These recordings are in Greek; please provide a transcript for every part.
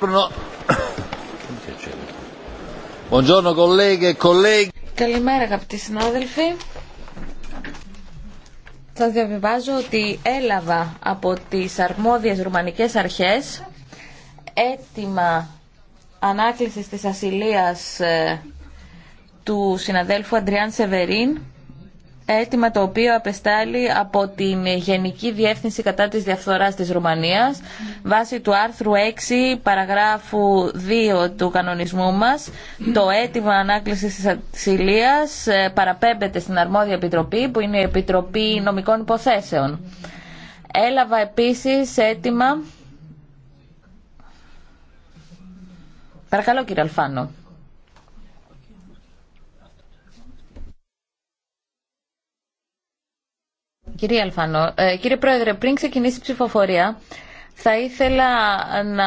E Καλημέρα αγαπητοί συνάδελφοι. Θα διαβιβάζω ότι έλαβα από τις αρμόδιες ρουμανικές αρχές έτοιμα ανάκλησης της ασυλίας ε, του συναδέλφου Αντριάν Σεβερίν αίτημα το οποίο απεστάλλει από την Γενική Διεύθυνση κατά της Διαφθοράς της Ρουμανίας βάσει του άρθρου 6 παραγράφου 2 του κανονισμού μας. Το αίτημα ανάκλησης της ασυλίας ε, παραπέμπεται στην αρμόδια επιτροπή που είναι η Επιτροπή Νομικών Υποθέσεων. Έλαβα επίσης αίτημα... Παρακαλώ κύριε Αλφάνο. Κύριε Αλφανό, ε, κύριε Πρόεδρε, πριν ξεκινήσει η ψηφοφορία, θα ήθελα να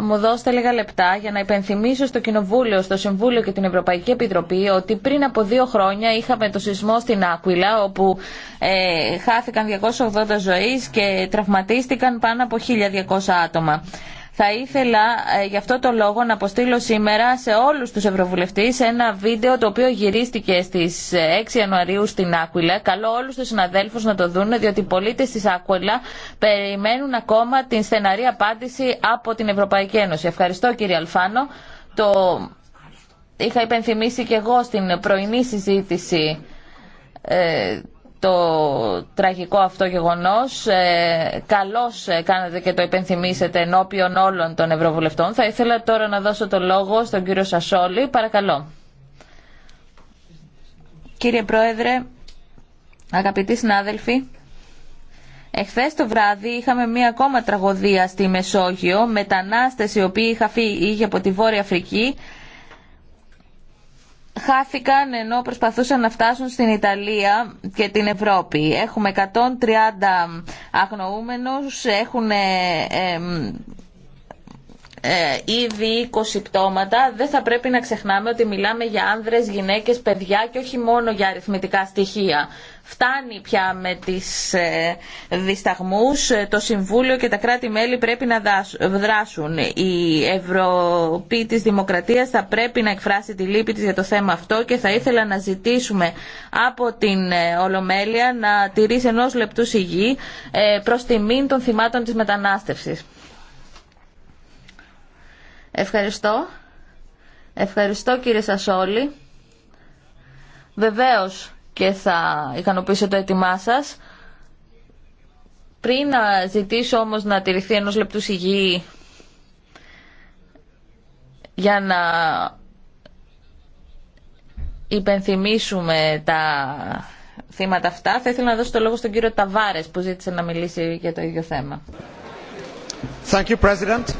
μου δώσετε λίγα λεπτά για να υπενθυμίσω στο Κοινοβούλιο, στο Συμβούλιο και την Ευρωπαϊκή Επιτροπή ότι πριν από δύο χρόνια είχαμε το σεισμό στην Άκουιλα όπου ε, χάθηκαν 280 ζωή και τραυματίστηκαν πάνω από 1.200 άτομα. Θα ήθελα ε, γι' αυτό το λόγο να αποστείλω σήμερα σε όλους τους ευρωβουλευτές ένα βίντεο το οποίο γυρίστηκε στις 6 ε, Ιανουαρίου στην Άκουιλα. Καλώ όλους τους συναδέλφους να το δουν διότι οι πολίτες της Άκουιλα περιμένουν ακόμα την στεναρή απάντηση από την Ευρωπαϊκή Ένωση. Ευχαριστώ κύριε Αλφάνο. Το είχα υπενθυμίσει και εγώ στην πρωινή συζήτηση ε, το τραγικό αυτό γεγονός. Ε, καλώς ε, κάνατε και το υπενθυμίσετε ενώπιον όλων των Ευρωβουλευτών. Θα ήθελα τώρα να δώσω το λόγο στον κύριο Σασόλη. Παρακαλώ. Κύριε Πρόεδρε, αγαπητοί συνάδελφοι, Εχθές το βράδυ είχαμε μία ακόμα τραγωδία στη Μεσόγειο, μετανάστες οι οποίοι είχαν φύγει από τη Βόρεια Αφρική χάθηκαν ενώ προσπαθούσαν να φτάσουν στην Ιταλία και την Ευρώπη. Έχουμε 130 αγνοούμενους, έχουν ε, ήδη 20 πτώματα, δεν θα πρέπει να ξεχνάμε ότι μιλάμε για άνδρες, γυναίκες, παιδιά και όχι μόνο για αριθμητικά στοιχεία. Φτάνει πια με τις ε, δισταγμούς, ε, το Συμβούλιο και τα κράτη-μέλη πρέπει να δράσουν. Η Ευρωπή της Δημοκρατίας θα πρέπει να εκφράσει τη λύπη της για το θέμα αυτό και θα ήθελα να ζητήσουμε από την Ολομέλεια να τηρήσει ενός λεπτού σιγή προς τιμήν των θυμάτων της μετανάστευσης. Ευχαριστώ. Ευχαριστώ κύριε Σασόλη. Βεβαίως και θα ικανοποιήσω το έτοιμά σας. Πριν να ζητήσω όμως να τηρηθεί ενός λεπτού σιγή για να υπενθυμίσουμε τα θύματα αυτά, θα ήθελα να δώσω το λόγο στον κύριο Ταβάρες που ζήτησε να μιλήσει για το ίδιο θέμα. Thank you, President.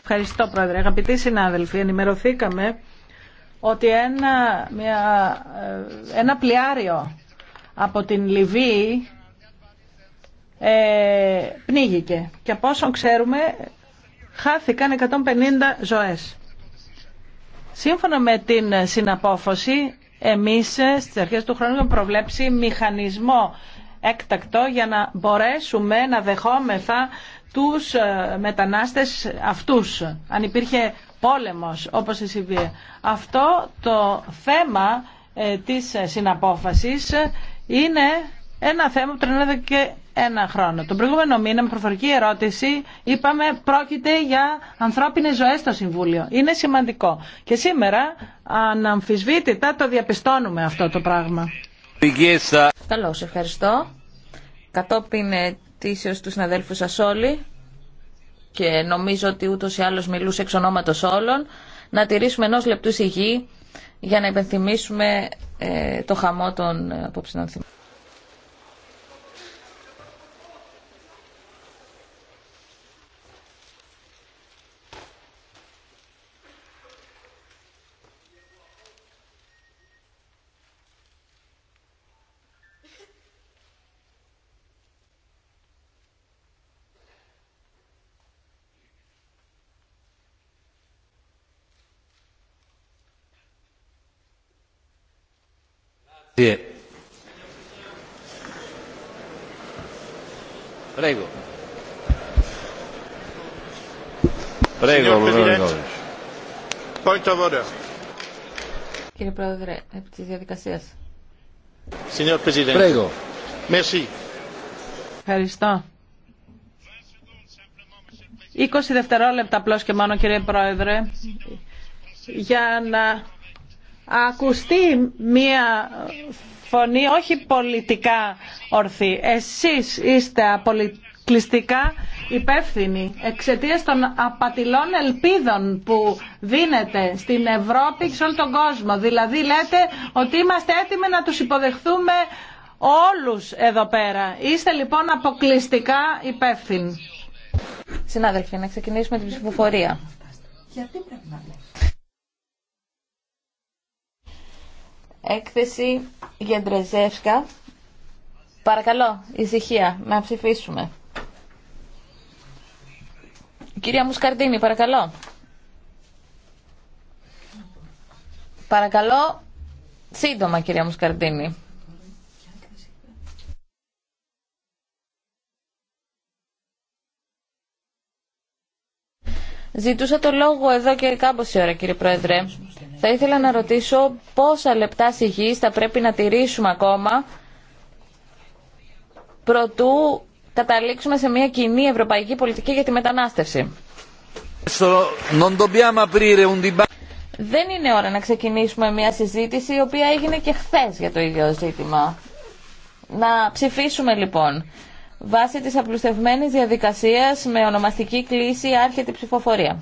Ευχαριστώ Πρόεδρε. Αγαπητοί συνάδελφοι, ενημερωθήκαμε ότι ένα, μια, ε, ένα πλοιάριο από την Λιβύη ε, πνίγηκε και από όσων ξέρουμε χάθηκαν 150 ζωές. Σύμφωνα με την συναπόφωση, εμείς ε, στις αρχές του χρόνου έχουμε προβλέψει μηχανισμό έκτακτο για να μπορέσουμε να δεχόμεθα τους ε, μετανάστες αυτούς, αν υπήρχε πόλεμος όπως η Σιβία. Αυτό το θέμα ε, της συναπόφασης είναι ένα θέμα που τρενέδε και ένα χρόνο. Τον προηγούμενο μήνα με προφορική ερώτηση είπαμε πρόκειται για ανθρώπινες ζωές στο Συμβούλιο. Είναι σημαντικό. Και σήμερα αναμφισβήτητα το διαπιστώνουμε αυτό το πράγμα. Καλώς, ευχαριστώ. Κατόπιν αιτήσεως του συναδέλφου σας όλοι και νομίζω ότι ούτως ή άλλως μιλούσε εξ ονόματος όλων να τηρήσουμε ενός λεπτού σιγή για να υπενθυμίσουμε ε, το χαμό των ε, απόψινων θυμών. Prego. Prego, Κύριε Πρόεδρε, επί της διαδικασίας. Πρέγω. Ευχαριστώ. 20 δευτερόλεπτα απλώς και μόνο κύριε Πρόεδρε για να ακουστεί μία φωνή όχι πολιτικά ορθή. Εσείς είστε αποκλειστικά υπεύθυνοι εξαιτία των απατηλών ελπίδων που δίνεται στην Ευρώπη και σε όλο τον κόσμο. Δηλαδή λέτε ότι είμαστε έτοιμοι να τους υποδεχθούμε όλους εδώ πέρα. Είστε λοιπόν αποκλειστικά υπεύθυνοι. Συνάδελφοι, να ξεκινήσουμε την ψηφοφορία. Γιατί Έκθεση Γεντρεζεύσκα. Παρακαλώ, ησυχία, να ψηφίσουμε. Κυρία Μουσκαρδίνη, παρακαλώ. Παρακαλώ, σύντομα κυρία Μουσκαρδίνη. Ζητούσα το λόγο εδώ και κάμποση ώρα, κύριε Πρόεδρε. Θα ήθελα να ρωτήσω πόσα λεπτά συγγύης θα πρέπει να τηρήσουμε ακόμα προτού καταλήξουμε σε μια κοινή ευρωπαϊκή πολιτική για τη μετανάστευση. Δεν είναι ώρα να ξεκινήσουμε μια συζήτηση η οποία έγινε και χθες για το ίδιο ζήτημα. Να ψηφίσουμε λοιπόν. Βάσει της απλουστευμένης διαδικασίας με ονομαστική κλίση άρχεται η ψηφοφορία.